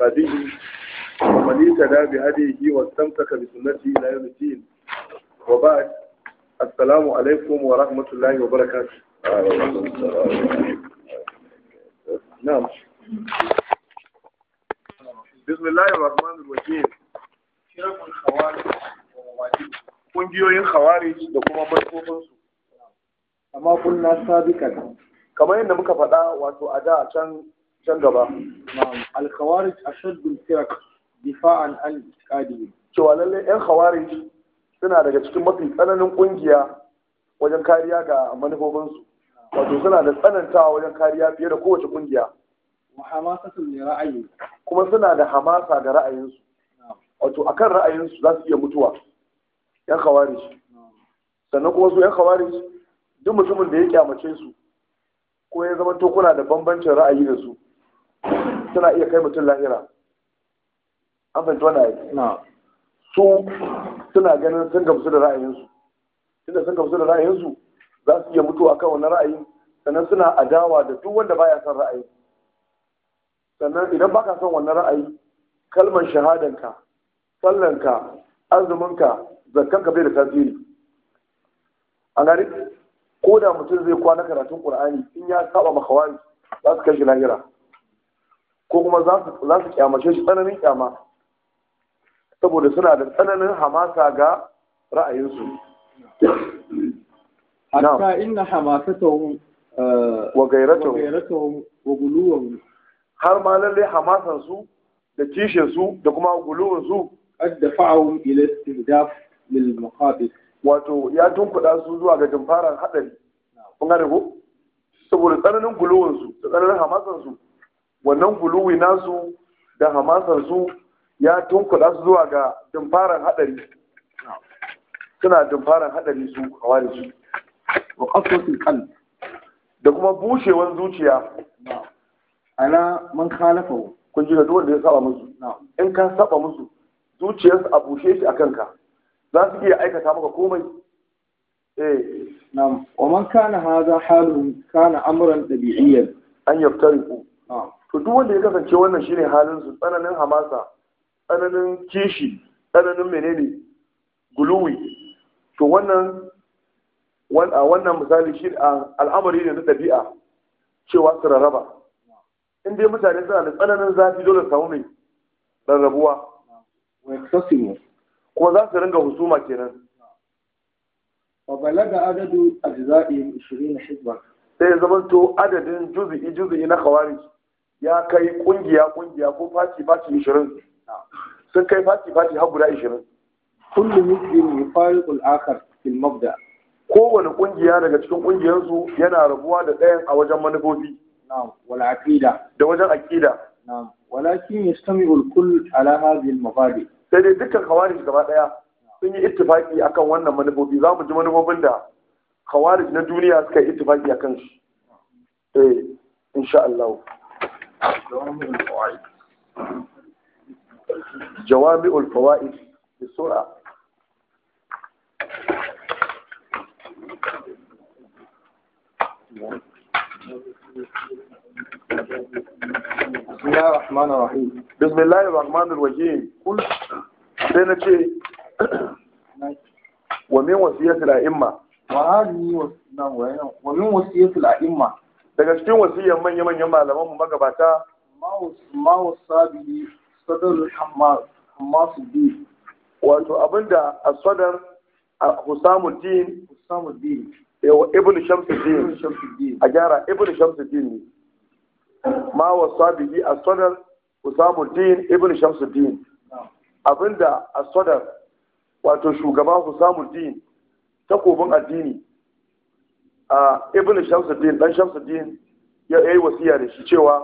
قديم ومن اهتدى بهديه واستمسك بسنته الى يوم الدين وبعد السلام عليكم ورحمة الله وبركاته نعم بسم الله الرحمن الرحيم شرف الخوارج kungiyoyin khawarij da kuma manufofinsu amma kunna sabikan kamar yadda muka faɗa wato a da can can gaba alkhawarij khawarij ashaddu al difa'an an itiqadi cewa lalle yan khawarij suna daga cikin mafi tsananin kungiya wajen kariya ga manufofinsu wato suna da tsanantawa wajen kariya fiye da kowace kungiya kuma suna da hamasa ga ra'ayinsu wato akan ra'ayinsu za su iya mutuwa yan khawarij sannan kuma su yan khawarij duk mutumin da ya kyamace su ko ya zama to kuna da bambancin ra'ayi da su suna iya kai mutum lahira an fahimta wani ayi su suna ganin sun gamsu da ra'ayinsu inda sun gamsu da ra'ayinsu za su iya mutuwa kan wani ra'ayi sannan suna adawa da duk wanda baya son ra'ayi sannan idan baka son wani ra'ayi kalmar shahadanka sallanka azuminka zakkanka bai da tasiri a gari ko da mutum zai kwana karatun ƙur'ani, in ya saba wani, za su kai shi lahira ko kuma za su kyamace shi tsananin kyama saboda suna da tsananin hamasa ga ra'ayinsu hatta inna hamasatahum uh, wa gairatahum wa guluwahum har ma lalle hamasan su da kishin su da kuma guluwun su qad dafa'ahum ila istidaf lil maqabir wato ya tunkuɗa su zuwa ga jimfaran haɗari kun gane ko saboda tsananin guluwun su da tsananin hamasan su wannan guluwi nasu da hamasar su ya tunkuda su zuwa ga dumfaran hadari suna dumfaran hadari su kawai su wa qaswatul kan da kuma bushewar zuciya ana man khalafa kun ji da duk wanda ya saba musu in ka saba musu su a bushe shi akan ka za su iya aikata maka komai eh na'am wa man kana haza haluhum kana amran dabi'iyyan an yaftariku na'am to duk wanda ya kasance wannan shine halin su tsananin hamasa tsananin kishi tsananin menene guluwi to wannan wannan misali shi al'amari ne na ɗabi'a cewa su rarraba in dai mutane suna da tsananin zafi dole su samu mai rarrabuwa kuma za su ringa husuma kenan وبلغ عدد أجزاء 20 sai ya zama to adadin juzi'i juzi'i na khawarij ya kai kungiya kungiya ko faci faci ishirin sun kai faci faci har guda ishirin kullu ne ya fari ul'akar fil mabda kowane kungiya daga cikin kungiyarsu yana rabuwa da ɗayan a wajen manufofi na'am aqida da wajen aqida na'am walakin yastami'u al-kull ala hadhihi al-mabadi sai dai dukkan khawarij gaba daya sun yi ittifaki akan wannan manufofi za mu ji manufofin da khawarij na duniya suka yi ittifaki akan shi eh insha Allah جوامع الفوائد بسرعة بسم الله الرحمن الرحيم بسم الله الرحمن الرحيم كل سنة ومن وصية الأئمة وهذه ومن وصية الأئمة daga cikin wasiyar manya-manyan malaman mu magabata mawu sabi sadar hamasu bi wato abinda a sadar a husamuddin husamuddin yawa ibn shamsuddin a gyara ibn shamsuddin ne mawu sabi a sadar husamuddin ibn shamsuddin abinda a sadar wato shugaba husamuddin takobin addini ibn shamsuddin dan shamsuddin ya yi wasiya da shi cewa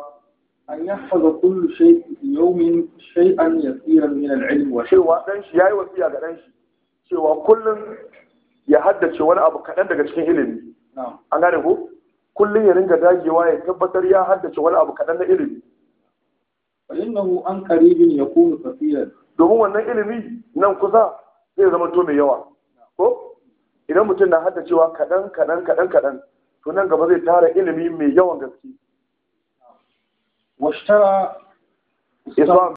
an yahfaza kullu shay yawmin shay'an yasiran min al-ilm wa cewa dan shi yayi wasiya ga dan shi cewa kullun ya haddace wani abu kaɗan daga cikin ilimi an gane ko kullun ya ringa dagewa ya tabbatar ya haddace wani abu kaɗan na ilimi fa innahu an qaribin yakunu kafiran domin wannan ilimi nan kusa zai zama to mai yawa ko idan mutum na hada cewa kaɗan kaɗan kaɗan kaɗan to nan gaba zai tara ilimi mai yawan gaske washtara